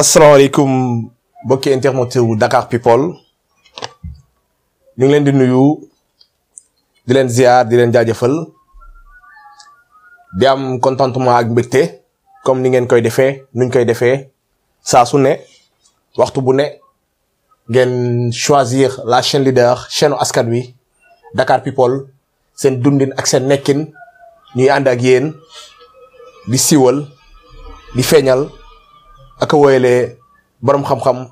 asalaamaaleykum mbokki internet wu Dakar People ñu ngi leen di nuyu di leen ziar di leen jaajëfal di am contentement ak mbégte comme ni ngeen koy defee nuñ koy defee saa su ne waxtu bu ne ngeen choisir la chaîne leader chaîne askan wi Dakar People seen dundin ak seen nekkin ñuy ànd ak yéen di siiwal di feeñal. ak a woyalee borom xam-xam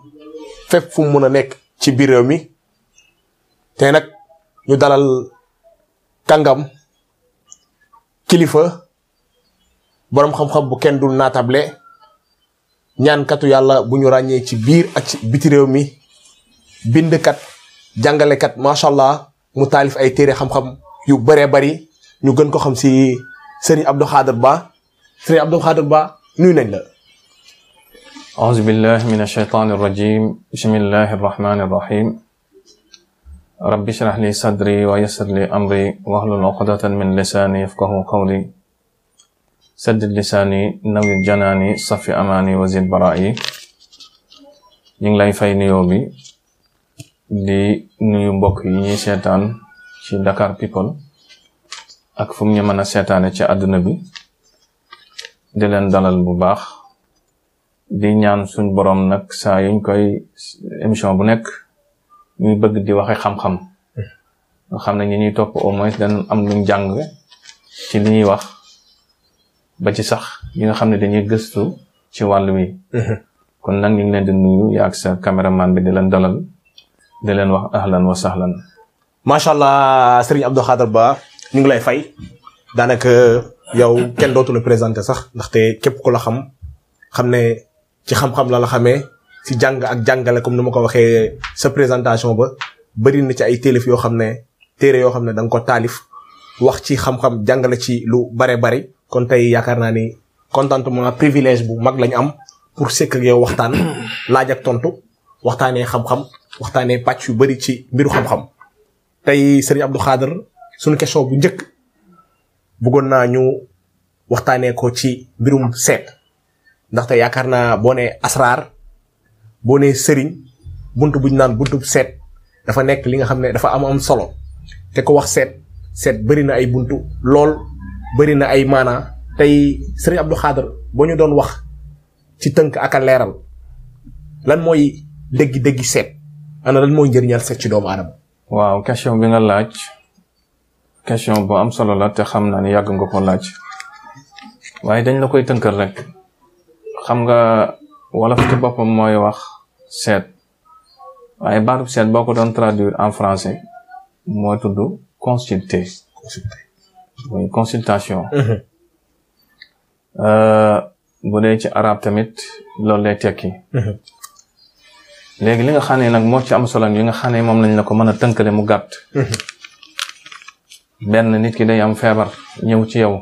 fépp fu mun a nekk ci biir réew mi te nag ñu dalal kàngam kilifa boroom xam-xam bu kenn dul naatable ñaankatu yàlla bu ñu ràññee ci biir ak ci biti réew mi bindkat jàngalekat macha allah mu taalif ay téere xam-xam yu bëree bari ñu gën ko xam si sëriñ Abdou Khader Ba sëriñ Abdou Khader Ba nuyu nañ la. أعوذ بالله من الشيطان الرجيم بسم الله الرحمن الرحيم رب اشرح لي صدري ويسر لي أمري واحلل عقدة من لساني يفقه قولي سدد لساني نوي جناني صفي أماني وزد برائي ñu ngi lay fay nuyoo bi di nuyu mbokk yi ñuy seetaan ci Dakar People ak fu mu ñu mën a seetaane ci àdduna bi di leen dalal bu baax di ñaan suñ borom nag saa yuñ koy émission bu nekk ñuy bëgg di waxe xam-xam nga xam ne ñi ñuy topp au moins dañ am luñ jàng ci li ñuy wax ba ci sax ñi nga xam ne dañuy gëstu ci wàll wi mhm. kon nag ñu ngi leen di nuyu yaa ak sa caméraman bi di leen dalal di leen wax ahlan wa sahlan macha allah Serigne Abdou Khadre Ba ñu ngi lay fay daanaka yow kenn dootu la présenté sax ndaxte képp ku la xam xam ne ci xam-xam la la xamee ci jàng ak jàngale comme ni ma ko waxee sa présentation ba bëri na ci ay téléf yoo xam ne téere yoo xam ne danga ko taalif wax ci xam-xam jàngale ci lu bare bari kon tey yaakaar naa ni contentement privilège bu mag lañu am pour sekk ak waxtaan laaj ak tontu waxtaanee xam-xam waxtaanee pàcc yu bëri ci mbiru xam-xam tey sëriñ Abdou Khader suñu question bu njëkk bëggoon naa ñu waxtaanee ko ci mbirum seet ndaxte yaakaar naa boo nee asraar boo nee sëriñ bunt bu ñu naan buntu seet dafa nekk li nga xam ne dafa am am solo te ko wax seet seet bëri na ay buntu lool bëri na ay maanaa tey sëriñ Abdou Khadre boo ñu doon wax ci tënk ak a leeral lan mooy dégg-dégg seet ana lan mooy njëriñal seet ci doomu aadama. waaw question bi nga laaj question bu am solo la te xam naa ne yàgg nga ko laaj waaye dañ la koy tënkal rek. xam nga wolof ci boppam mooy wax seet waaye baatub seet boo ko doon traduire en français mooy tudd consulter mooy consultation mhm. euh, bu dee ci arab tamit loolu lay tekki mhm. léegi li nga xam nag moo ci am solo yi nga xam ne moom lañ la ko mën a tënkale mu gàtt mhm. benn nit ki day am feebar ñëw ci yow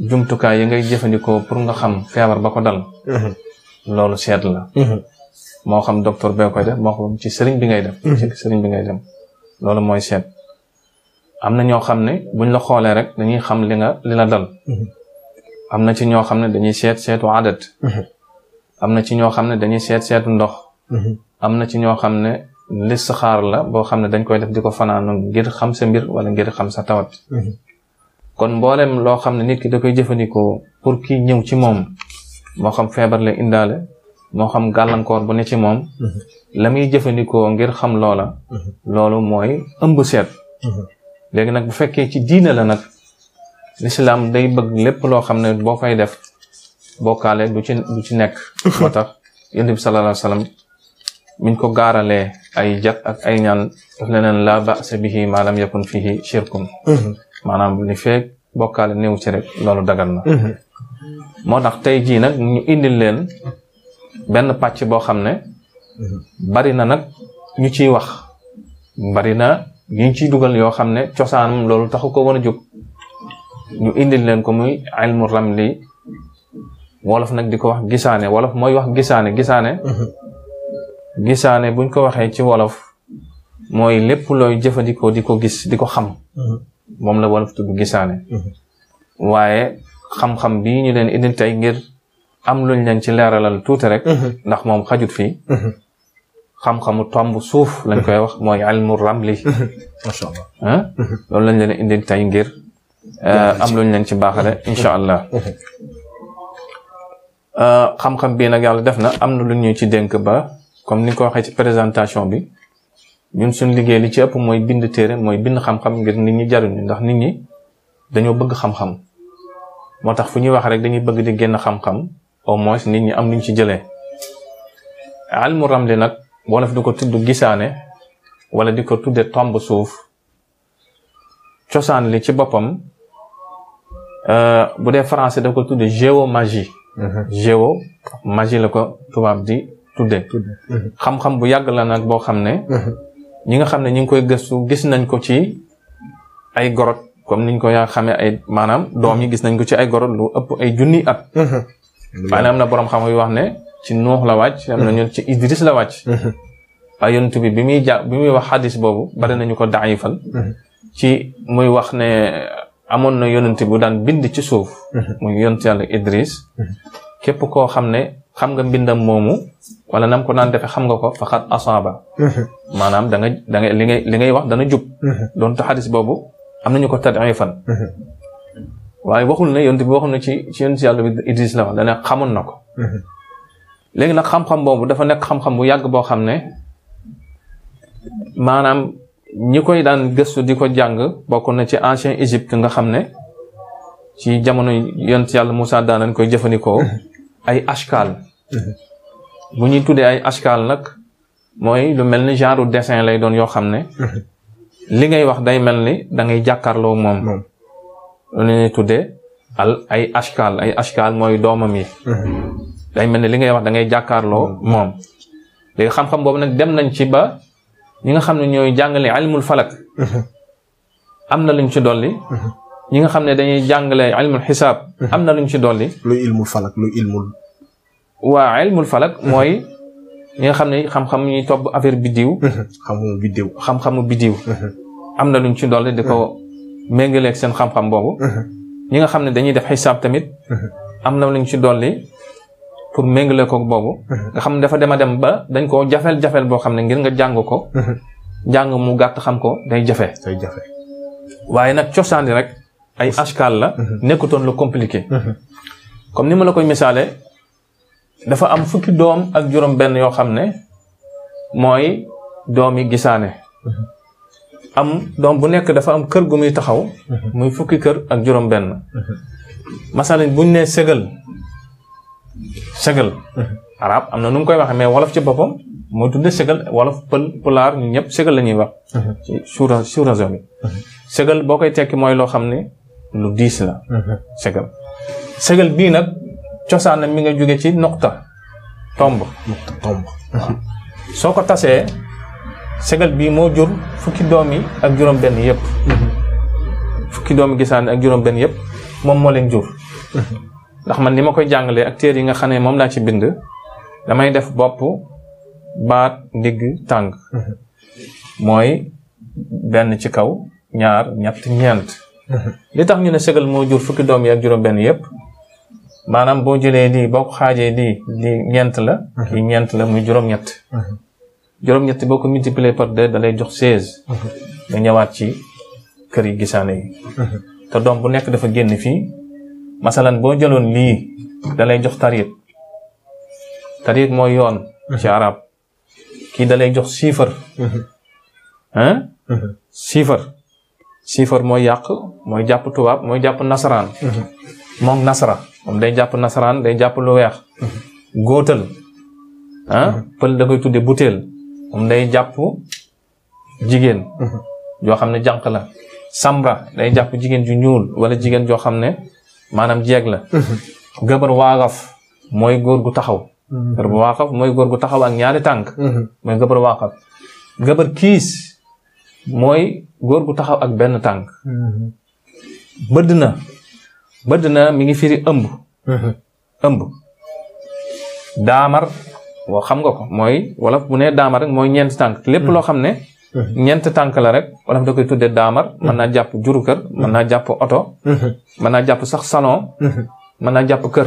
jumtukaay yi ngay jëfandikoo pour nga xam feebar ba ko dal. Mhm. loolu seet la. Mhm. moo xam docteur bee koy def moo xam ci sëriñ bi ngay dem. Mhm. ci sëriñ bi ngay dem loolu mooy seet. am na ñoo xam ne buñ la xoolee rek dañuy xam li nga li dal. am na ci ñoo xam ne dañuy seet seetu adat. am na ci ñoo xam ne dañuy seet seetu ndox. am na ci ñoo xam ne xaar la boo xam ne dañ koy def di ko fanaanu ngir xam sa mbir wala ngir xam sa tawat. kon mboolem loo xam ne nit ki da koy jëfandikoo pour kii ñëw ci moom moo xam feebar la indaale moo xam gàllankoor bu ne ci moom mm-hmm. la muy jëfandikoo ngir xam loola mm-hmm. loolu mooy ëmb seet mm-hmm. léegi nag bu fekkee ci diina la nag lislaam day bëgg lépp loo xam ne boo koy def bokkaale du ci du ci nekk moo tax yonent bi sallallahu alayhi wa sallam miñ ko gaaralee ay jat ay ñaan daf leneen la ba'sa bihi ma lam yakun fihi maanaam li feeg bokkaale néew ci rek loolu dagal na mhm. moo tax tey jii nag ñu indil leen benn pàcc boo xam ne bari na nag ñu ciy wax bari na ñu ciy dugal yoo xam ne cosaanam loolu taxu ko woon a jóg ñu indil leen ko muy ilmu ramli wolof nag di ko wax gisaane wolof mooy wax gisaane gisaane mhm. gisaane buñ ko waxee ci wolof mooy lépp looy jëfandikoo di ko gis di ko xam mhm. moom la wolof tudd gisaane mhm. waaye xam-xam bii ñu leen indil tey ngir am luñ leen ci leeralal tuuti rek mhm. ndax moom xajut fii mhm. xam-xamu tomb suuf lañ koy wax mooy almu ramli macha allah ah? loolu lañ leen indil tey ngir ah, am luñ leen ci baaxale incha allah ah, xam-xam bii nag yàlla def na am na lu ñu ci dénk ba comme ni nga ko waxee ci présentation bi ñun suñ liggéey li ci ëpp mooy bind téere mooy bind xam-xam ngir nit ñi jaruñu ndax nit ñi dañoo bëgg xam-xam moo tax fu ñuy wax rek dañuy bëgg di génn xam-xam au moins nit ñi am nuñ ci jëlee almu ramli nag wolof di ko tudd gisaane wala di ko tudde tomb suuf cosaan li ci boppam euh, bu dee français da ko tudde géomagie mhm. géo magie la ko tubaab di tudde mhm. xam-xam bu yàgg la nag boo xam ne mhm. ñi nga xam ne ñi ngi koy gëstu gis nañ ko ci ay gorot comme niñ ko yaa xamee ay maanaam doom ñi gis nañ ko ci ay gorot lu ëpp ay junni at. maanaam mm-hmm. am na borom xam yu wax ne ci nuux la wàcc. am na ñun ci Idris la wàcc. Mm-hmm. waaye yonent bi bi muy ja bi muy wax xadis boobu bari nañu ko daayifal mm-hmm. ci muy wax ne amoon na yonent bu daan bind ci suuf. muy yonent yàlla Idris. képp koo xam ne xam nga mbindam moomu wala nam ko naan defee xam nga ko faxat asaaba mhm. maanaam danga nga da nga li ngay li ngay wax dana jub mhm. dont te xadis boobu am nañu ko tadifan mhm. waaye waxul ne yonent bi ci ci yonent yàlla bi Idris la dana xamoon na ko léegi nag xam-xam boobu dafa nekk xam-xam bu yàgg boo xam ne maanaam ñi koy daan gëstu di ko jàng bokk na ci ancien Égypte nga xam ne ci jamono yonent yàlla Moussa daan nañ koy jëfandikoo ay ashkaal bu ñuy tuddee ay ashkaal nag mooy lu mel ni genre dessin lay doon yoo xam ne li ngay wax day mel ni da ngay jàkkaarloo moom lu ñuy tuddee al ay ashkaal ay ashkaal mooy doomam yi day mel ni li ngay wax dangay ngay jàkkaarloo moom léegi xam-xam boobu nag dem nañ ci ba ñi nga xam ne ñooy jàngale ilmul falak am na lañ ci dolli ñi nga xam ne dañuy jàngale ilmul xisaab. am na luñ ci dolli. luy ilmul falak luy ilmul. waa ilmul falak mooy. ñi nga xam ne xam-xam ñuy topp affaire biddiw. xam-xamu biddiw. xam-xamu biddiw. am na ci dolli di ko méngaleeg seen xam-xam boobu. ñi nga xam ne dañuy def xisaab tamit. am na luñ ci dolli pour méngale ko boobu. nga xam ne dafa dem a dem ba dañ koo jafeel jafeel boo xam ne ngir nga jàng ko. jàng mu gàtt xam ko day jafe. day waaye nag cosaani rek. ay ashkaal la mhm. nekkutoon la compliqué mhm. comme ni ma la koy misaale dafa am fukki doom ak juróom benn yoo xam ne mooy doomi gisaane mhm. am doom bu nekk dafa am kër gu muy taxaw muy fukki kër ak juróom benn masalan buñ ne sëgal sëgal arab am na nu mu koy waxee mais wolof ci boppam mooy tudde sëgal wolof pël pulaar ñu ñëpp sëgal la ñuy wax ci suura suura sëgal boo koy tekki mooy loo xam ne lu diis la. Mhm. segal segal bii nag cosaanam mi nga jóge ci noqta tomb. noqta soo ko tasee segal bii moo jur fukki doom yi ak juróom-benn yëpp. Mhm. fukki doomi gisaan ak juróom-benn yëpp moom moo leen jur. Mhm. ndax man ni ma koy jàngalee ak téere yi nga xam ne moom laa ci bind damay def bopp baat ndigg tàng. mooy benn ci kaw ñaar ñett ñeent. li tax ñu ne sëgal moo jur fukki doom yi ak juróom-benn yëpp maanaam boo jëlee nii boo ko xaajee nii lii ñeent la. lii ñeent la muy juróom-ñett. juróom-ñett boo ko multiplier par deux da jox saise nga ñëwaat ci kër yi gisaane yi. te doom bu nekk dafa génn fii masalan boo jëloon lii dalay jox tariit tariit mooy yoon. ci arab kii da lay jox siifar. siifar. siifar mooy yàq mooy jàpp tubaab mooy jàpp nasaraan. Mm-hmm. moom nasara moom day jàpp nasaraan day jàpp lu weex. Mm-hmm. góotal. ah mm-hmm. pël da koy tuddee butéel moom day jàpp jigéen. joo xam ne jànq la. sambra day jàpp jigéen ju ñuul wala jigéen joo xam ne maanaam jeeg la. gëbar waaqaf mooy góor gu taxaw. gëbar waaqaf mooy góor gu taxaw ak ñaari tànk. mooy gëbar waaqaf gëbar kiis. mooy góor gu taxaw ak benn tànk. Mm-hmm. bëdd na bëdd na mi ngi firi ëmb. Mm-hmm. ëmb daamar boo xam nga mooy wala bu nee daamar rek mooy ñeent tànk mm-hmm. lépp loo xam ne. ñeent tànk la rek wala da koy tuddee daamar. mën naa jàpp juru kër. mën naa jàpp oto. mën naa jàpp sax salon. mën naa jàpp kër.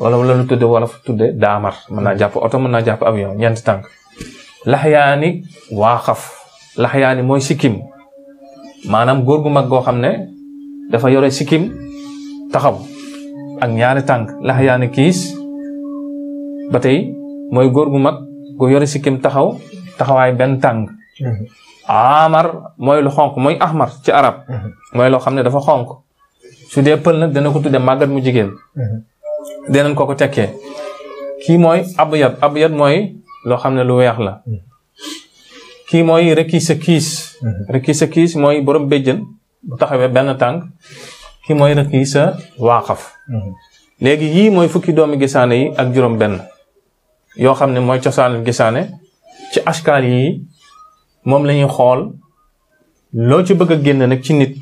wala wala lu tuddee wala fu tuddee daamar mën naa jàpp oto mën naa jàpp avion ñeent tànk. laxyaani waaxaf. laxyaani mooy sikkim maanaam góor gu mag goo xam ne dafa yore sikkim taxaw ak ñaari tànk laxyaani kiis ba tey mooy góor gu mag gu yore sikkim taxaw taxawaay benn tànk mm-hmm. amar mooy lu xonq mooy ahmar ci arab mm-hmm. mooy loo xam ne dafa xonq su dee pël nag dana ko tudde màggat mu jigéen mm-hmm. dinañ ko ko tekkee kii mooy abyad abyad mooy loo xam ne lu weex la kii mooy rekk sa kiis mooy boroom béjjën bu taxawee benn tànk kii mooy sa waaqaf mhm. léegi yii mooy fukki doomi gisaane yi ak juróom benn yoo xam ne mooy cosaan gisaane ci askaal yi moom lañuy xool loo ci bëgg a génn nag ci nit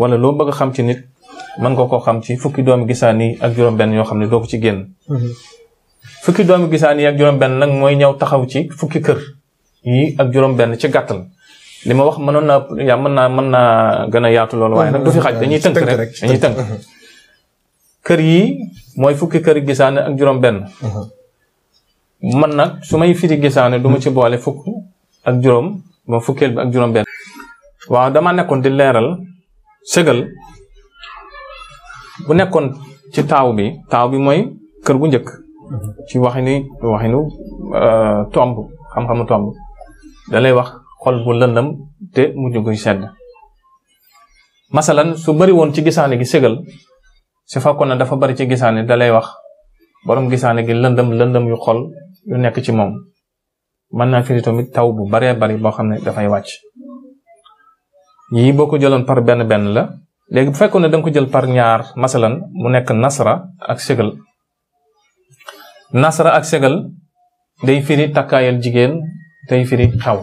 wala loo bëgg xam ci nit mën nga koo xam ci fukki doomi gisaan yi ak juróom-benn yoo xam ne doo ci génn. Mhm. fukki doomi gisaan yi nag mooy ñëw taxaw ci fukki kër. yi ak juróom-benn ci gàttal li ma wax mënoon naa yaa mën naa mën naa gën a yaatu loolu waaye nag du fi xaj dañuy tënk rek dañuy tënk kër yi mooy fukki kër gisaane ak juróom-benn man su may firi gisaane du ma ci boole fukk ak juróom ba fukkeel bi ak juróom-benn waaw dama nekkoon di leeral sëgal bu nekkoon ci taaw bi taaw bi mooy kër gu njëkk ci waxinu waxinu euh, tomb xam-xamu tomb da wax xol bu lëndam te mujj guy sedd masalan su bari woon ci gisaane gi ségal su fakkoon na dafa bari ci gisaane da lay wax boroom gisaane gi lëndëm lëndëm yu xol yu nekk ci moom mën naa firi tamit taw bu baree bari boo xam ne dafay wàcc yii boo ko jëloon par benn benn la léegi bu fekkoon ne da ko jël par ñaar masalan mu nekk nasara ak ségal nasra ak ségal day firi takkaayal jigéen tey firi xew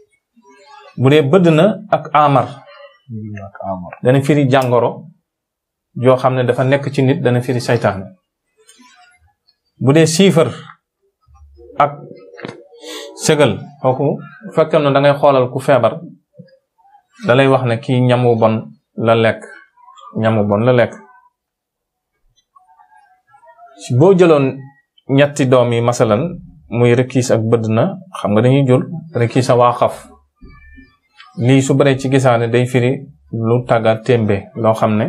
bu dee bëdd na ak amar dana firi jàngoro joo xam ne dafa nekk ci nit dana firi saytaane bu dee siifar ak sëgal kooku fekkam na da xoolal ku feebar da wax ne kii ñamu bon la lekk ñamu bon la lekk boo jëloon ñetti doom yi masalan muy rëkkiis ak bëdd na xam nga dañuy jël rëkkiis a waa lii su baree ci gisaane day firi lu tàgga témbe loo xam ne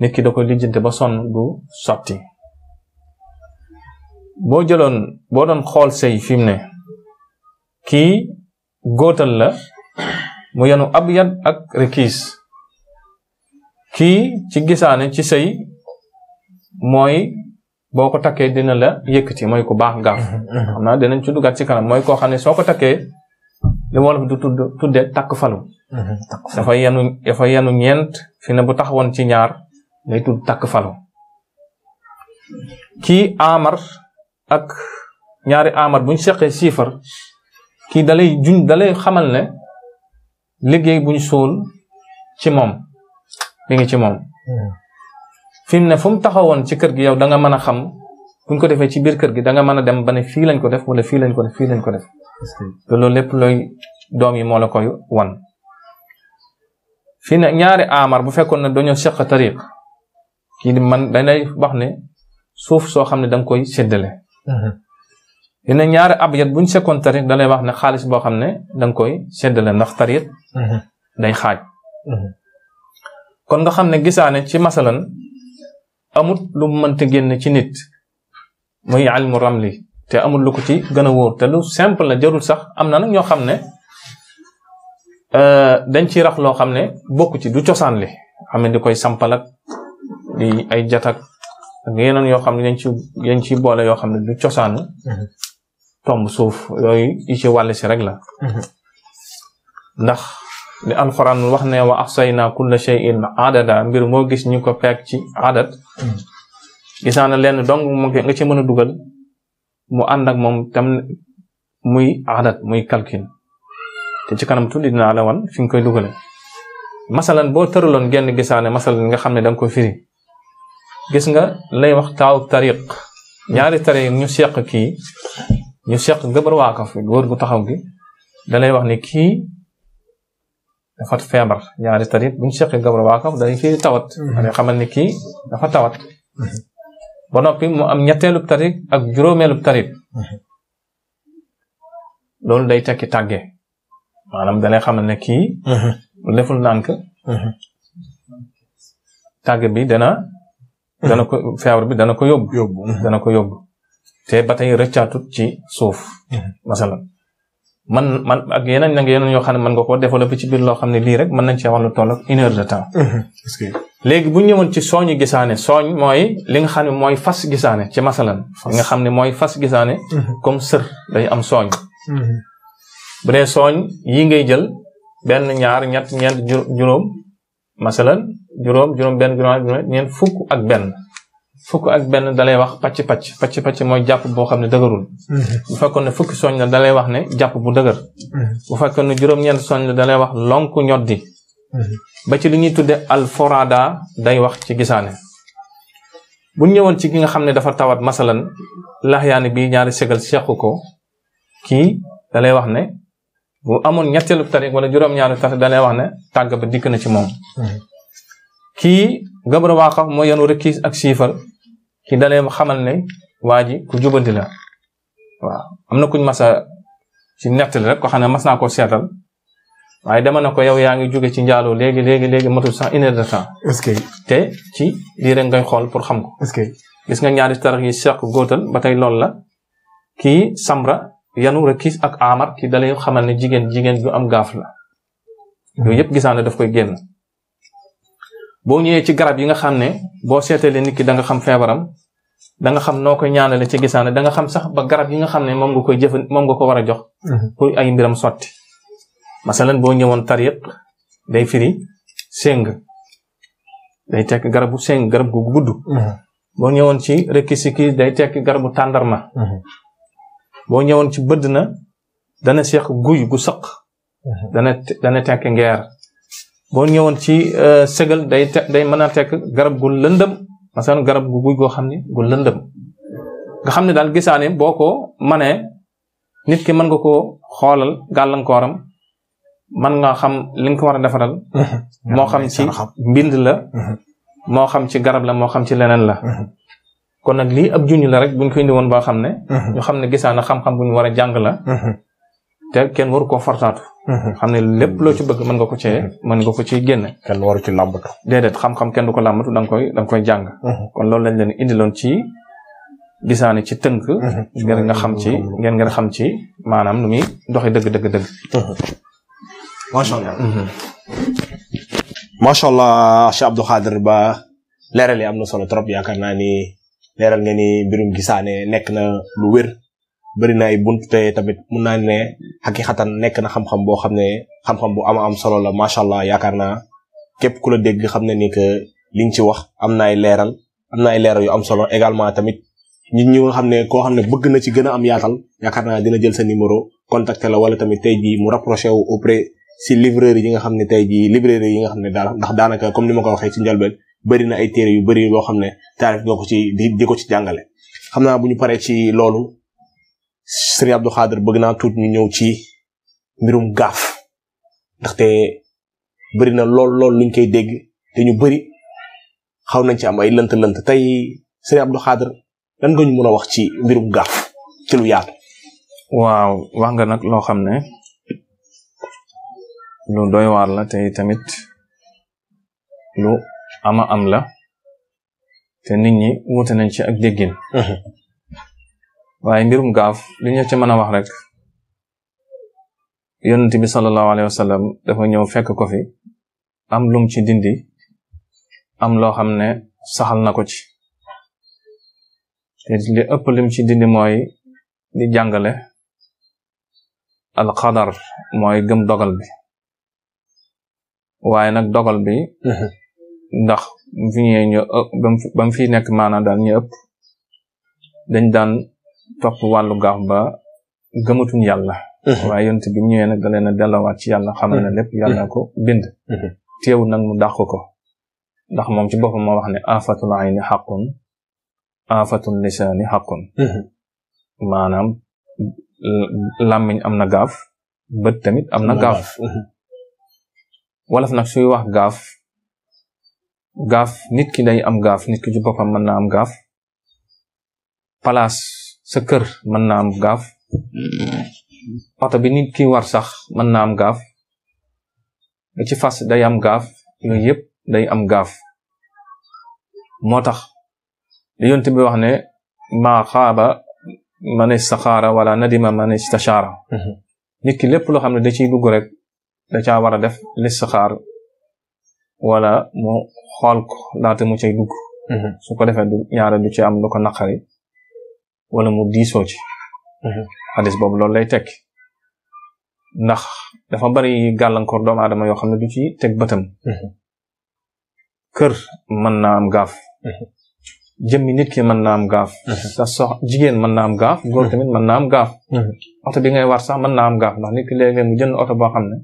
nit ki da koy ba sonn du sotti boo jëloon boo doon xool sëy fi ne kii góotal la mu yenu ab yat ak rëkkiis kii ci gisaane ci sëy mooy boo ko takkee dina la yëkkati mooy ku baax gaaf. Mm-hmm, mm-hmm. xam naa dinañ ci duggaat ci kanam mooy koo xam ne soo ko takkee li wolof du tudd tuddee takk falo mm-hmm, dafa yenu dafa yenu ñeent fi ne bu taxawoon ci ñaar day tudd takk falo kii amar ak ñaari amar buñ seqee siifar kii dalay juñ dalay xamal ne liggéey buñ suul ci moom mi ngi ci moom. fi mu ne fu mu taxawoon ci kër gi yow da nga mën a xam bu ko defee ci biir kër gi danga nga mën a dem ba ne fii lañ ko def wala fii lañ ko def fii ko def loolu lépp looy doom yi moo la koy wan. fii ñaari aamar bu fekkoon ne dañoo seq tariq kii di man dañ wax ne suuf soo xam ne da koy seddale mhm. fii ñaari abyad buñ ñu seqoon tariq wax ne xaalis boo xam ne da koy seddale ndax tariq. Mhm. day xaaj. Mhm. kon nga xam ne gisaane ci masalan amut lu mënta génn ci nit muy almu ramli te amul lu ko ci gën a wóor te lu simple la jarul sax am na nag ñoo xam ne euh, dañ ci rax loo xam ne bokk ci du cosaan li xam ne di koy sampalak ak di ay jatak ak yeneen yoo xam ne dañ ci dañ boole yoo xam ne du cosaanu mhm. tomb suuf yooyu yi ci wàll rek la mhm. ndax li alxuraan wax ne wa ahsayna kulla shay'in adada mbir moo gis ñu ko pek ci adat gisaana lenn dong mu nga ci mën a dugal mu ànd ak moom tam muy adat muy calcul te ci kanam tuuti dinaa la wan fi nga koy dugale masalan boo tëraloon genn gisaane masalan nga xam ne danga nga ko firi gis nga lay wax taaw tariq ñaari tariq ñu seq kii ñu seq gëbër waakaf góor gu taxaw gi da wax ni kii dafa feebar ñaari tarit buñ seqee gabro waakam dañ ciy tawat dañuy mm-hmm. xamal ne kii dafa tawat mm-hmm. ba noppi mu am ñetteelub tarit ak juróomeelub tarit mm-hmm. loolu day tekki tàgge maanaam dalay xamal ne kii lu deful nànk tàgge bi dana dana ko feebar bi dana ko yóbbu dana ko yóbbu te ba tey rëccaatut ci suuf masalan man man ak yeneen nag yeneen yoo xam ne mën nga koo développé ci biir loo xam ne lii rek mën na cee wax lu toll ak une heure mhm. léegi bu ñu ñëwoon ci sooñu gisaane sooñ mooy li nga xam ne mooy fas gisaane ci masalan. li nga xam ne mooy fas gisaane. Mhm. comme sër day am sooñ. Mhm. bu dee sooñ yii ngay jël benn ñaar ñett ñeent juróom masalan juróom juróom benn juróom ñeent fukk ak benn. fukk ak benn dalay wax pàcc pàcc pàcc pàcc mooy jàpp boo xam ne dëgërul. Mm-hmm. bu fekkoon ne fukki soñ la dalay wax ne jàpp bu dëgër. Mm-hmm. bu fakkoon ne juróom-ñeent soñ la dalay wax lonk ñoddi. Mm-hmm. ba ci li ñuy tuddee al alforada day wax ci gisaane. bu ñëwoon ci ki nga xam ne dafa tawat masalan laxyaani bi ñaari segal seq ko kii dalay wax ne bu amoon ñetteelu tariq wala juróom-ñaari tariq dalay wax ne tàgg ba dikk na ci moom. kii gabra waaqa moo yenu rekkiis ak siifal. ki dalee xamal ne waa ji ku jubanti la waaw am na kuñ masa ci nettali rek ko xam ne mas naa koo seetal waaye dama ne ko yow yaa ngi jóge ci njaaloo léegi léegi léegi matul sax une heure de temps. est te ci lii rek ngay xool pour xam nga est-ce que gis nga ñaari tarax yi Cheikh góotal ba tey loolu la kii Samra yanu rek kii ak Amar ki dalee xamal ne jigéen jigéen ju am gaaf la mm-hmm. yooyu yëpp gisaan ne daf koy génn. boo ñëwee ci garab yi nga xam ne boo seetalee nit ki da nga xam feebaram da nga xam noo koy ñaanale ci gisaane da nga xam sax ba garab yi nga xam ne moom nga koy jëfan moom nga ko war a jox. Mhm. pour ay mbiram sotti. masalan boo ñëwoon tariq day firi séng day tekk garabu séng garab gu gudd. Mhm. boo ñëwoon ci rekki sikki day tekki garabu tàndarma. Mhm. boo ñëwoon ci bëdd na dana seex guy gu sëq. dana dana tekk ngeer. boo ñëwoon ci euh, sëgal day te day mën a tekk garab gu lëndëm masalan garab gu guy goo xam ne gu lëndëm nga xam ne daal gisaane boo ko manee nit ki mën nga koo xoolal gàllankooram mën nga xam li nga ko war a defaral moo xam ci mbind la mhm. moo xam ci garab la moo xam ci leneen la mhm. kon nag lii ab junj la rek buñ ko indi woon boo xam ne mhm. ñu xam ne gisaane xam-xam bu ñu war a jàng la te kenn waru ko fortaatu. Mhm. xam ne lépp loo ci bëgg mën nga ko cee. Mhm. mën nga ko ciy génne. kenn waru ci làmbatu. déedéet xam-xam kenn du ko làmbatu da nga koy da nga koy jàng. Mhm. kon loolu lañ leen indiloon ci gisaane ci tënk. ngeen nga xam ci ngeen ngeen xam ci maanaam nu muy doxee dëgg dëgg dëgg. macha allah. macha allah Cheikh Abdou Ba leeral yi am na solo trop yaakaar naa ni leeral nga ni mbirum gisaane nekk na lu wér. bëri na ay bunt te tamit mun naa ne xaqiqatan nekk na xam-xam boo xam ne xam-xam bu ama am solo la macha allah yaakaar naa képp ku la dégg xam ne ni que liñ ci wax am na ay leeral am na ay leeral yu am solo également tamit nit ñi nga xam ne koo xam ne bëgg na ci gën a am yaatal yaakaar naa dina jël sa numéro contacté la wala tamit tey jii mu rapproché wu auprès si librairie yi nga xam ne tey jii librairie yi nga xam ne daal ndax daanaka comme ni ma ko waxee ci njëlbeen bëri na ay téere yu bëri loo xam ne taarif nga ko ci di ci jàngale xam naa bu ñu paree loolu sëriñ Abdou Khader bëgg naa tuut ñu ñëw ci mbirum gaaf ndaxte bëri na lool lool luñ koy dégg te ñu bëri xaw nañ ci am ay lënt-lënt tey sëriñ Abdou Khader lan nga ñu mën a wax ci mbirum gaaf ci lu yaatu. waaw wax nga nag loo xam ne lu doy waar la te tamit lu ama am la te nit ñi wute nañ ci ak déggin. waaye mbirum gaaf li ñu ci mën a wax rek yonent bi sallallahu alayhi wa dafa ñëw fekk ko fi am lum ci dindi am loo xam ne saxal na ko ci te li ëpp ci dindi mooy di jàngale alqadar mooy gëm dogal bi waaye nag dogal bi mhm. ndax fi ñëwee ñu ëpp fi nekk maanaam daal ñu ëpp dañ daan topp wàllu gaaf ba gëmatuñ yàlla mhm. waaye yonent bi mu ñëwee nag da leen a dellowaat ci yàlla xamal na mhm. lépp yàlla mhm. ko bind teewul nag mu dàq ko ndax moom ci boppam moo wax ne afatul ayni xaqun afatul lisaani xaqun maanaam làmmiñ am na gaaf bët tamit am na gaaf wolof nag suy wax gaaf gaaf nit ki day am gaaf nit ki ci boppam mën na am gaaf palaas sa kër na am gaaf oto bi nit ki war sax man naa am gaaf da ci fas day am gaaf yooyu yëpp day am gaaf moo tax li yont bi wax ne maa xaaba man istaxaara wala nadima man istachaara mhm. nit ki lépp loo xam ne da ciy dugg rek da caa war a def listixaar wala mu xool ko laata mu cay dugg mhm. su defee du ñaare du ci am lu naqari wala mu diisoo ci mhm. xadis boobu loolu lay tekk ndax dafa bari gàllankoor doomu aadama yoo xam ne du ci teg bëtam mhm. kër mën naa am gaaf mhm. jëmmi nit ki mën na am gaaf sa sox jigéen mën na am gaaf góor tamit mën naa am gaaf oto bi ngay war sax mën naa am gaaf ndax nit ki léeg mu jënd oto xam ne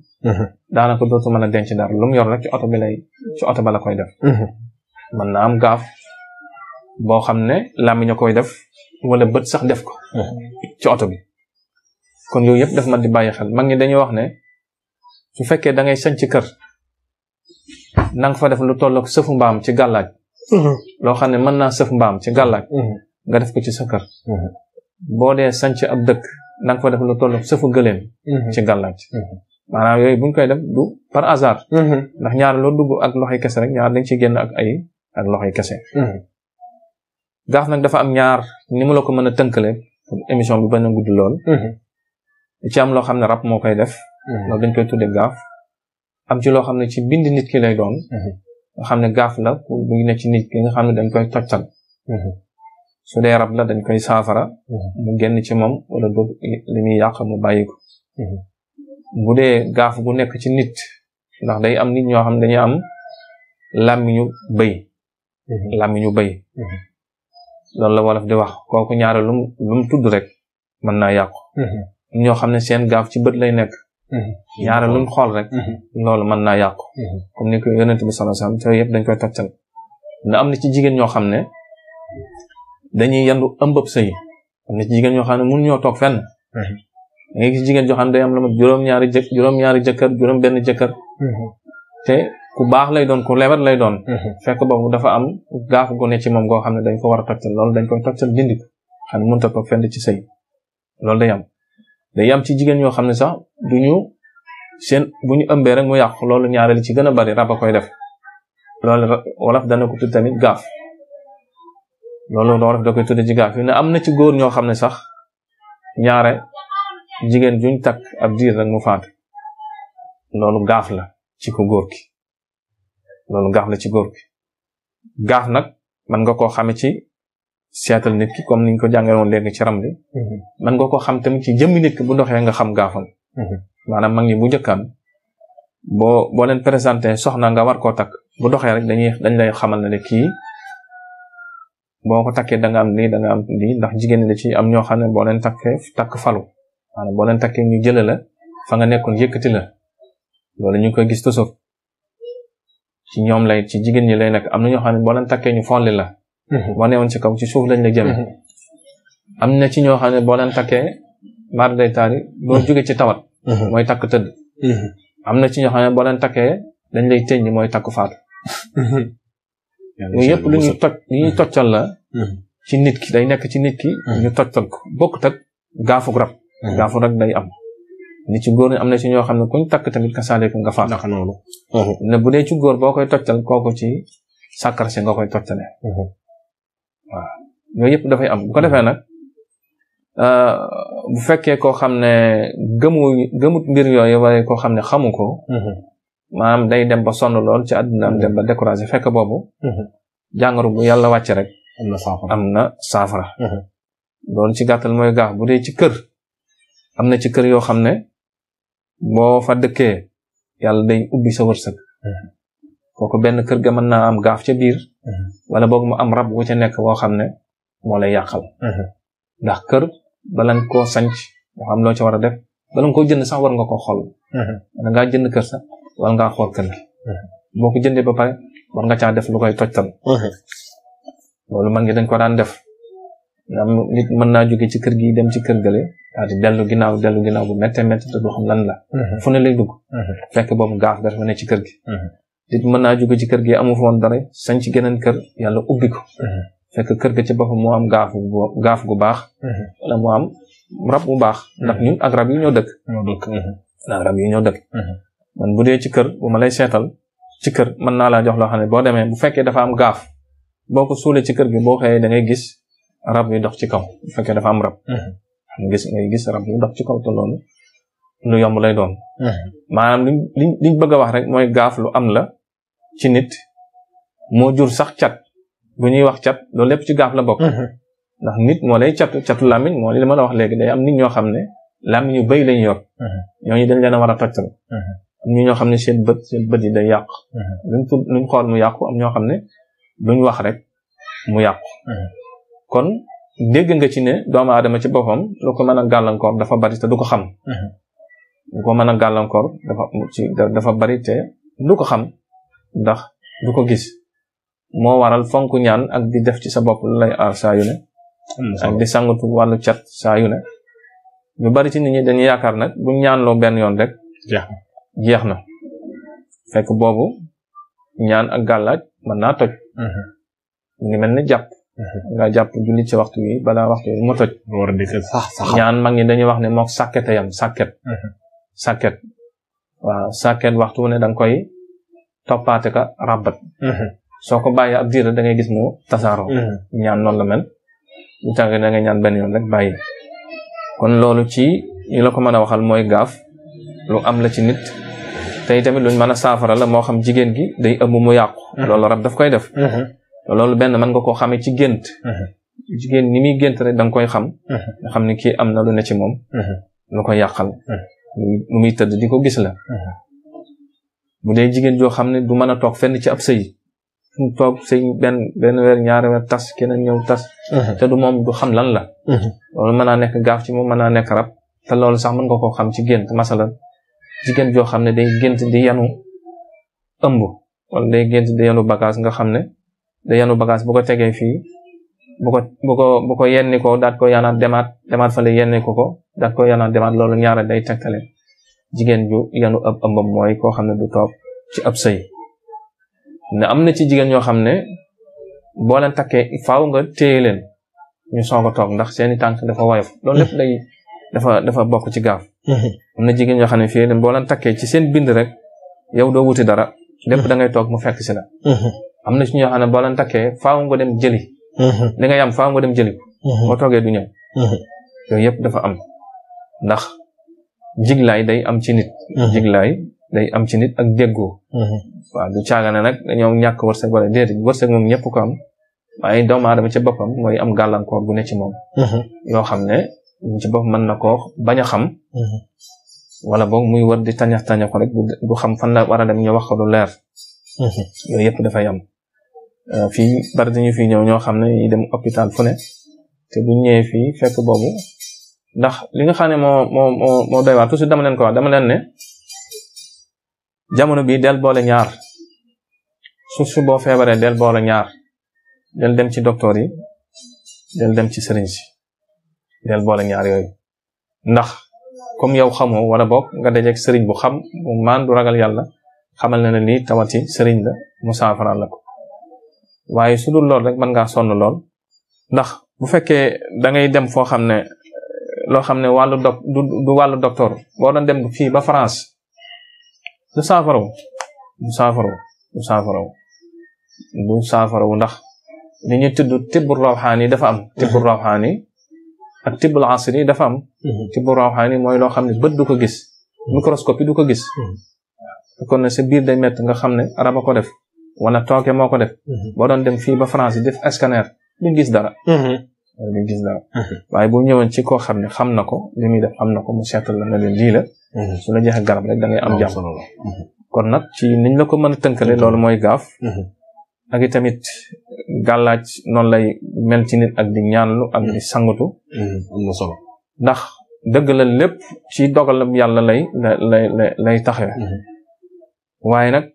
daanaka dootu mën a denc dara lu mu yor rek ci oto lay ci oto ba koy def mën naa am gaaf boo xam ne làmmiñ koy def wala bët sax def ko ci oto bi kon yooyu yëpp daf man di bàyyi xel mag ñi dañuy wax ne su fekkee da ngay sañ ci kër na nga fa def lu tollook sëfu mbaam ci gàllaaj loo xam ne mën naa sëf mbaam ci gàllaaj nga def ko ci sa boo dee sañc ab dëkk na nga fa def lu tollook sëfu gëléem ci gàllaaj maanaam yooyu buñ koy def du par hasard mhm. ndax ñaar loo dugg ak loxoy kese rek ñaar dañ ci génn ak ay ak loxoy kese gaaf nag dafa am ñaar ni la ko mën a tënkale émission bi bañ a gudd lool mhm. ci am loo xam ne rab moo koy def mhm. loolu dañ koy tudde gaaf am ci loo xam ne ci bind nit ki lay doon mhm. nga xam ne gaaf la mu ngi ne ci nit ki nga xam ne dañ koy tojtal su dee rab la dañ koy saafara mu génn ci moom wala boog li muy yàq mu bàyyi ko bu dee gaaf gu nekk ci nit ndax day am nit ñoo xam ne dañuy am làmmiñu bëy làmmiñu bay loolu la wolof di wax kooku ñaare lu mu tudd rek mën naa yàqu. Mhm. xam ne seen gaaf ci bët lay nekk. Mhm. ñaare lu xool rek. Mhm. loolu mën naa yàqu. comme ni ko yonent bi sallallahu alayhi wasallam te yëpp dañ koy tàccal. ne am na ci jigéen ñoo xam ne dañuy yandu ëmbëb sëy am na ci jigéen ñoo xam ne mënuñoo toog fenn. da ngay gis jigéen joo xam ne day am lu mat juróom-ñaari jëkk juróom-ñaari jëkkër juróom-benn jëkkër. te ku baax lay doon ku lewet lay doon. Mhm. fekk boobu dafa am gaaf gu ne ci moom goo xam ne dañ ko war a togtal loolu dañ koy togtal dindi ko xam ne mënut a toog ci sëy loolu day am day am ci jigéen ñoo xam ne sax du ñu seen bu ñu ëmbee rek mu ci gën a bari rab a koy def loolu wolof dana ko tudd tamit gaaf loolu wolof da koy ci gaaf yi ne am na ci góor ñoo xam ne sax ñaare jigéen juñ takk ab diir rek mu faatu loolu gaaf la ci ko góor ki loolu gaaf la ci góor gi gaaf nag mën nga koo xame ci seetal nit ki comme niñ ko jàngale woon léegi ci ram bi mhm. mën nga koo xam tamit ci jëmmi nit ki bu doxee nga xam gaafam mhm. maanaam mag ñi bu njëkkaan boo boo leen présenté soxna nga war koo takk bu doxee rek dañuy dañ lay xamal ne kii boo ko takkee da nga am lii da am lii ndax jigéen ñi da ci am ñoo xam ne boo leen takkee takk falu maanaam boo leen takkee ñu jële la fa nga nekkoon yëkkati la loolu ñu koy gis ci ñoom lay ci jigéen ñi lay nekk am na ñoo xam ne boo lan takkee ñu folli la. wane mhm. newoon ci kaw ci suuf lañ la jëm. Mhm. am na ci ñoo xam boo leen takkee maar day taari doo mhm. jóge ci tawat. mooy takk tëdd. am na ci ñoo xam ne boo leen takkee dañ lay tëñ mooy takk faatu. yooyu yëpp lu ñuy toj lu ñuy la. ci day nekk ci nit ki. ñu toccal ko bokkut ak gaafu rab. gaafu rab day am. ni ci góor ñi am na ci ñoo xam ne kuñ takk tamit kasaaleeku nga faat. ndax noonu. ne bu dee ci góor boo koy toccal kooku ci sàkkar si nga koy toccale. waaw yooyu yëpp dafay am bu ko defee nag euh, bu fekkee koo xam ne gëmu gëmut mbir yooyu waaye koo xam ne xamu ko. maanaam day dem ba sonn lool ci àdduna am dem ba découragé fekk boobu. jàngoro bu yàlla wàcc rek. am na saafara am na saafara. loolu ci gàttal mooy gaax bu ci kër am na ci kër yoo xam ne. boo fa dëkkee yàlla day ubbi sa wërsëg mhm. kooku benn kër ga mën naa am gaaf ca biir mhm. wala boog mu am rab wu ca nekk woo xam ne moo lay yàqal mhm. ndax kër bala nga koo sanc moo xam loo ca war a def bala nga koo jënd sax war nga ko xool wala ngaa kër ngaa xool kër boo ko jëndee ba pare war nga caa def lu koy tojtal loolu man ngi dañ ko daan def am mën naa jóge ci kër gi dem ci kër gale daal di dellu ginnaaw dellu ginnaaw bu méttee métti te doo xam lan la. Mhm. fu ne lay dugg. Mhm. fekk boobu gaaf dafa ne ci kër gi. Mhm. mën naa jóge ci kër gi amu fa dara sañ ci geneen kër yàlla ubbi kër ga ci boppam moo am gaaf gaaf gu baax. wala am rab bu baax. ndax ak rab yi ñoo dëkk. ñoo dëkk. ndax rab bu dee ci kër bu ma lay seetal ci kër mën naa laa jox loo xam ne boo demee bu fekkee dafa am gaaf boo ko suulee ci kër gi boo xëyee da ngay gis rab yi dox ci kaw bu fekkee dafa am rab. gis ngay gis rab mu dox ci kaw te loolu lu yomb lay doon hmm. maanaam liñ liñ bëgg a wax rek mooy gaaf lu am la ci nit moo jur sax cat bu ñuy wax cat loolu lépp ci gaaf la bokk hmm. ndax nit moo lay cat catu làmmiñ moo li mën a wax léegi day am nit ñoo xam ne làmmiñ yu bëy lañ yor hmm. ñooñu dañ leen a war a tojtal am ñu ñoo xam ne seen bët seen bët yi da yàq luñ tud xool mu yàqu am ñoo xam ne luñ wax rek mu yàqu kon dégg nga ci ne doomu aadama ci boppam lu ko mën a gàllankoor dafa bari te du ko xam. Mhm. mën a gàllankoor dafa bari te xam ndax du ko gis moo waral fonk ñaan ak di def ci sa bopp lu lay aar saa yu ne. ak di sangatu wàllu cat saa ne. ñu bari ci nit ñi dañuy yaakaar nag bu loo benn yoon rek. jeex na fekk boobu ñaan ak gàllaaj mën naa toj. Mhm. mu mel ni jàpp. nga jàpp julli ci waxtu wi balaa waxtu wi mu toj. war a dikk sax sax ñaan mag ñi dañuy wax ne mook sàkkete yam sàkket. Mhm. sàkket waaw sàkket waxtu wu ne da koy toppaate ka ràbbat. Mhm. soo ko bàyyi ab diir da ngay gis mu tasaaroo. Mhm. ñaan noonu la mel. bu tàggee da ngay ñaan benn yoon kon loolu ci yi la ko mën a waxal mooy gaaf lu am la ci nit. te tamit luñ mën a saafara la moo xam jigéen gi day ëmb mu yàqu. loolu rab daf koy def. loolu benn mën nga koo xamee ci gént uh-huh. jigéen ni muy gént rek da koy xam uh-huh. xam ne kii am na lu ne ci moom uh-huh. lu ko yàqal lu muy tëdd di ko gis la bu dee jigéen joo xam ne du mën a toog fenn ci ab sëy fu mu toog sëy benn benn weer ñaari weer tas keneen ñëw tas te du moom du xam lan la loolu mën naa nekk gaaf ci moom mën naa nekk rab te loolu sax mën nga koo xam ci gént masalan jigéen joo xam ne day gént di yanu ëmb wala day gént di yanu bagage nga xam ne da yanu bagage bu ko tegee fii bu ko bu ko bu ko yenni ko daat ko yana demaat demaat fale yenni ko ko daat ko yanaat demaat loolu ñaare day tegtale jigéen ju yanu ab ëmbam mooy koo xam ne du toog ci ab sëy ne am na ci jigéen ñoo xam ne boo leen takkee faaw nga téye leen ñu soog a toog ndax seeni tànk dafa woyof loolu lépp day dafa dafa bokk ci gaaf mhm. am jigéen ñoo xam ne fii boo leen takkee ci seen bind rek yow doo wuti dara lépp mhm. da ngay toog mu fek si la mhm. am na ci ñoo xam ne boo leen takkee faaw nga dem jëli. Mhm. li nga yam dem jëli ko. Mhm. boo toogee du ñëw. Mhm. yooyu yëpp dafa am ndax jiglaay day am ci nit. jiglaay day am ci nit ak déggoo. waaw du caagane na ñoom ñàkk wërsëg wala déedéet wërsëg moom ñëpp ko am waaye doomu aadama ci boppam mooy am gàllankoor bu ne ci moom. yoo xam ne ci man na koo bañ a xam. wala boog muy wër di tañax tañax ko rek du xam fan la a dem ñu wax ko lu leer. yooyu yëpp dafay am. Euh, fii bari dañu fi ñëw ñoo xam ne ñi dem hôpital fu ne te bu ñëwee fii fekk boobu ndax li nga xam ne moo moo moo dama leen ko wax dama leen ne jamono bii del boole ñaar suuf su boo feebaree del boole ñaar del dem ci docteur yi del dem ci sëriñ si del boole ñaar yooyu ndax comme yow xamoo wala bo nga dajeeg sëriñ bu xam bu maan du ragal yàlla xamal na ne lii tawati sëriñ la mu saafaraal la ko waaye su dul lool rek mën ngaa sonn lool ndax bu fekkee da dem foo xam ne loo xam ne wàllu doc du du wàllu docteur boo doon dem fii ba France du saafaraw du saafaraw du saafaraw ndax li ñuy tudd tibbu rawxaani dafa am mhm. tibbu rawxaani ak tibbu asri dafa am mhm. tibbu rawxaani mooy loo xam ne bët du ko gis mhm. microscope yi du ko gis kon ne sa biir day métti nga xam ne rab a ko def wala tooke moo ko def. Mhm. boo doon dem fii ba France def scanner duñ gis dara. Mhm. duñ gis dara. Mhm. waaye boo ñëwoon ci ko xam ne xam na ko li muy def xam na ko mu seetal la ne leen la. su la jeexee garab da ngay am jàmm. kon nag ci niñ la ko mën a loolu mooy gaaf. ak i tamit gàllaaj noonu lay mel ci nit ak di ñaanlu ak di sangatu. ndax dëgg la lépp ci dogalam yàlla lay lay lay lay waaye nag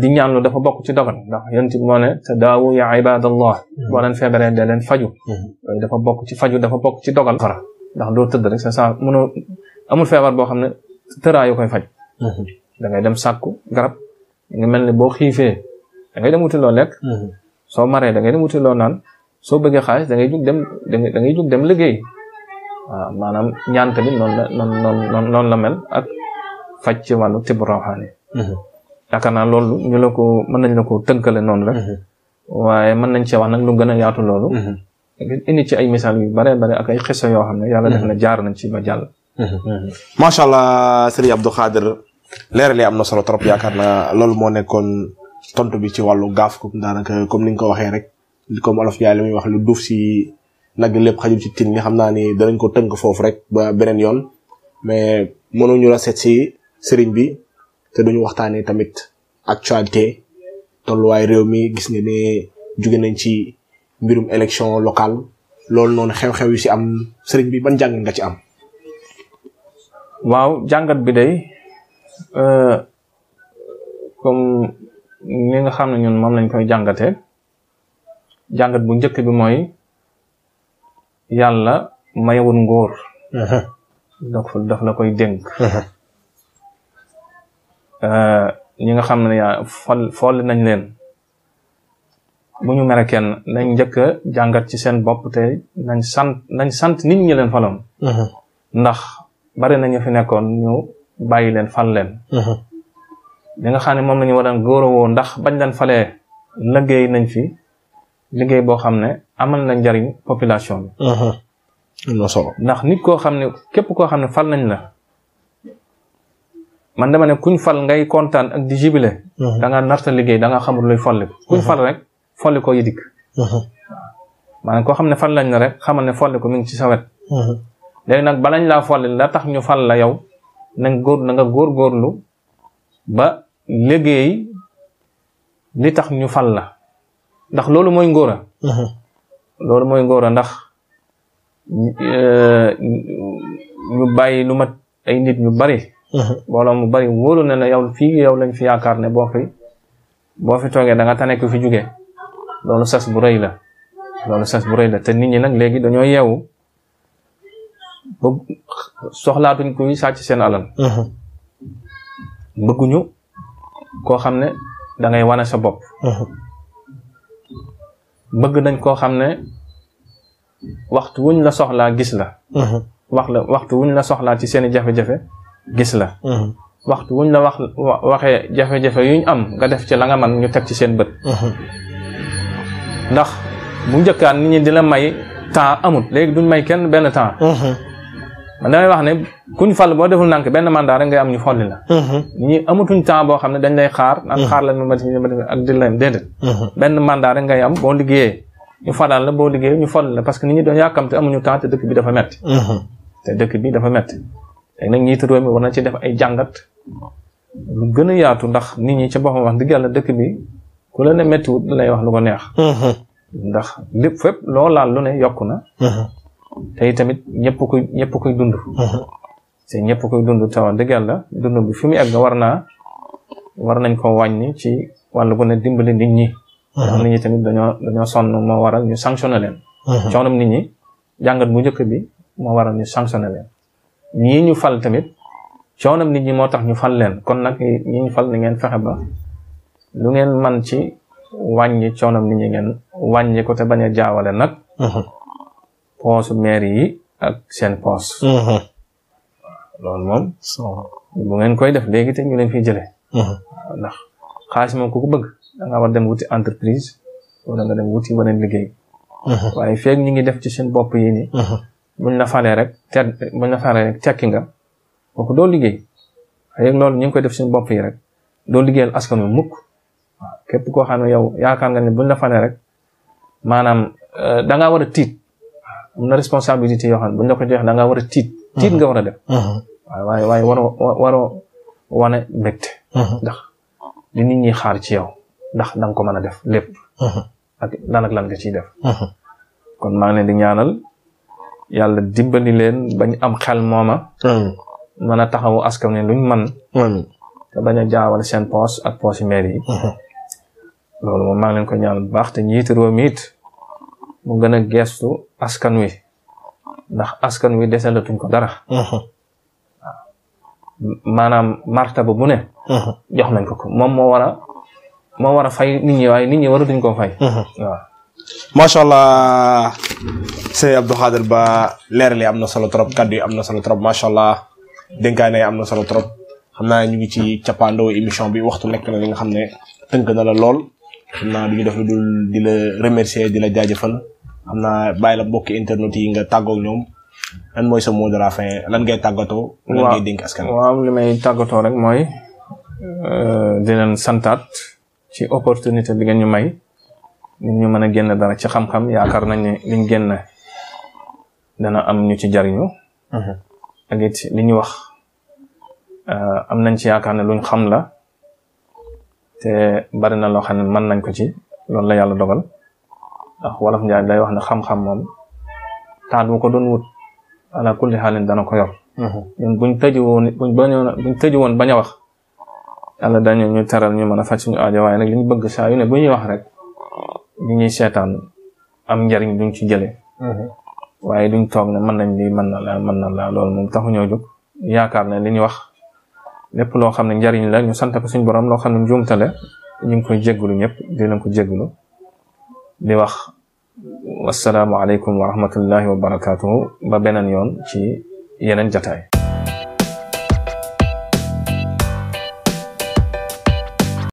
di ñaanlu dafa bokk ci dogal ndax yonent bi moo ne te daawu yaa ibadallah boo leen feebaree dee leen faju dafa bokk ci faju dafa bokk ci dogal fara ndax doo tëdd rek sa sa mënoo amul feebar boo xam ne tëraayu koy faj mhm. da ngay dem sàkku garab nga mel ni boo xiifee da ngay dem wuti loo lekk mhm. soo maree da ngay dem wuti loo naan soo bëggee xaalis da ngay jug dem da ngay jug dem liggéey waaw maanaam ñaan tamit noonu la noonu noonu noonu la mel ak faj ci wàllu tibb rawxaani mhm. yaakaar naa loolu ñu la ko mën nañ la ko tënkale noonu la mhm. waaye mën nañ cee wax nag lu gën a yaatu loolu mhm. indi ci ay misaal yu bare bare ak ay xisa yoo xam ne yàlla def na mhm. jaar nañ ci ba jàll macha allah sëriñ Abdou Khader leeral yi am na solo trop yaakaar naa loolu moo nekkoon tontu bi ci wàllu gaaf comme daanaka comme ni ko waxee rek comme olof yaay la muy wax lu duuf si nag lépp xajul ci tin li xam naa ni danañ ko tënk foofu rek ba beneen yoon mais mënuñu la seet si sëriñ bi te duñu waxtaanee tamit actualité tolluwaay réew mi gis nga ne jóge nañ ci mbirum élection locale loolu noonu xew-xew yu si am sëriñ bi ban jàngat nga ci am. waaw jàngat bi day euh, comme ni nga xam na ñun moom lañ koy jàngatee jàngat bu njëkk bi mooy yàlla mayewoon ngóor. donc daf la koy dénk. ñi nga xam ne yaa fol foll nañ leen bu ñu mere kenn nañ njëkk a jàngat ci seen bopp te nañ sant nañ sant nit ñi leen faloon mm-hmm. ndax bari nañu fi nekkoon ñu bàyyi leen fal leen mm-hmm. li nga xam ne moom lañu war a góorowoo ndax bañ leen falee liggéey nañ fi liggéey boo xam ne amal nañ njariñ population bi mm-hmm. ndax nit koo xam ne képp koo xam ne fal nañ la man dama ne kuñ fal ngay kontaan ak di jibile mhm. da nga narta liggéey da nga xamul luy folli kuñ mhm. fal rek folli ko yi dikk mhm. maanaam koo xam ne fal lañ la rek xamal ne folli ko mi ngi ci sawet wet léegi nag balañ laa tax ñu fal la yow góor na góor-góorlu ba liggéey li tax ñu fal la ndax loolu mooy ngóora loolu mooy ngóora ndax euh, ñu bàyyi lu mat ay nit ñu bari Uh-huh. mbooloo mu bari wóolu ne la yow fii yow lañ fi yaakaar ne boo fi boo fi toogee da nga tane fi jugee loolu sas bu rëy la loolu bu rëy la te nit ñi nag léegi dañoo yeewu bëgg soxlaatuñ kuy sàcc seen alal uh-huh. bëgguñu koo xam ne da wane sa bopp uh-huh. bëgg nañ koo xam ne waxtu wuñ la soxlaa gis la wax la waxtu wuñ la soxlaa ci seeni jafe-jafe gis la mhm. waxtu wuñ la wax waxee jafe-jafe yuñ am nga def ci la nga man ñu teg ci seen bët mhm. ndax bu njëkkaan nit ñi di la may temps amul léegi duñ may kenn benn temps mhm. man damay wax ne kuñ boo deful nànk benn mandat rek ngay ñu folli la ñi amatuñ temps boo xam ne dañ lay xaar naan xaar la ma ma ak di la déedéet benn mandat ngay am boo liggéeyee ñu falal la boo liggéeyee ñu folli la parce que nit ñi doon yàkkamte ñu temps te dëkk bi dafa metti te dëkk bi dafa metti léegi nag ñiitu réew mi war na ci def ay jàngat lu gën a yaatu ndax nit ñi ca boppam wax dëgg yàlla dëkk bi ku la ne méttiwut lay wax lu ko neex uh-huh. ndax lépp fépp loo laal lu ne yokk na uh-huh. tey tamit ñëpp koy ñëpp koy dund uh-huh. te ñëpp koy dund te wax dëgg yàlla dund bi fi mu egg war naa war nañ ko wàññi ci wàllu bu ne dimbali nit ñi ndax tamit dañoo sonn moo waral ñu sanctionné leen coonam nit ñi jàngat bu njëkk bi moo waral ñu sanctionné leen ñii ñu fal tamit coonam ni ñi moo tax ñu fal leen kon nag ñi fal na ngeen fexe ba lu ngeen man ci wàññi coonam nit ñi ngeen wàññi ko te bañ a jaawale nag mhm. poosu maire yi ak seen poos mhm. loolu moom bu ngeen koy def léegi te ñu leen fi jëlee mhm. ndax xaalis moom ku ko bëgg da nga war dem wuti entreprise wala nga dem wuti waneen liggéey waaye feeg ñu ngi def ci seen bopp yi ni buñ la falee rek te buñ la falee rek tekki nga kooku doo liggéey xëy loolu ñu ngi koy def suñu bopp yi rek doo liggéeyal askan wi mukk waaw képp koo xam ne yow yaakaar nga ne buñ la falee rek maanaam euh, da ngaa war a tiit am na responsabilité yoo xam ne buñ la ko joxee da ngaa a tiit. tiit nga war a def. waaye waaye waroo waroo wane mbégte. ndax li nit ñi xaar ci yow ndax da nga ko mën a def lépp. ak lan ci def. kon maa ngi leen ñaanal. yàlla dimbali leen bañ am xel mooma. mën a taxawu askan wi luñ man te bañ a jaawal seen poos ak poos yi maire yi. loolu moom maa leen ko ñaan bu baax te njiit réew mi mu gën a geestu askan wi ndax askan wi desalatuñ ko dara. maanaam ba bu ne. jox nañ ko ko moom moo war moo war a fay nit ñi waaye nit ñi waratuñ koo fay. macha allah se Abdou Khader ba leeral yi am na solo trop kaddu yi am na solo trop macha allah dénkaane am na solo trop xam naa ñu ngi ci cappaandoo émission bi waxtu nekk na li nga xam ne tënk na la lool xam naa du ñu def lu dul di la remercier di la jaajëfal xam naa bàyyi la mbokki internet yi nga tàggoog ñoom lan mooy sa mot de la fin lan ngay tàggatoo. lan ngay aska askan waaw li may tàggatoo rek mooy euh, di leen santaat ci opportunité bi ngeen ñu may. nit ñu mën a génn dara ci xam-xam yaakaar nañ ne liñ génn dana am ñu ci jariñu mhm. ak it li ñu wax euh, am nañ ci yaakaar ne luñ xam la te bari na loo xam ne mën nañ ko ci loolu la yàlla dogal ndax wolof njaay lay wax ne xam-xam moom taat bu ko doon wut ala kulli xaalin dana ko yor mhm. ñun buñ tëj woon buñ bañoon buñ tëj woon bañ a wax yàlla dañu ñu teral ñu mën a faj suñu aajo waaye nag li ñu bëgg saa ne bu ñuy wax rek ñu ñuy seetaan am njariñ duñ ci jëlee mhm. waaye duñ toog ne mën nañ lii mën na la mën na laa lool moom taxu ñoo jóg yaakaar ne li ñu wax lépp loo xam ne njariñ la ñu sant ko suñ borom loo xam ne njuumte la ñu ngi koy jéggulu ñëpp dinañ ko jéggulu di wax wasalaamu aleykum wa rahmatullahi wa barakatuhu ba beneen yoon ci yeneen jataay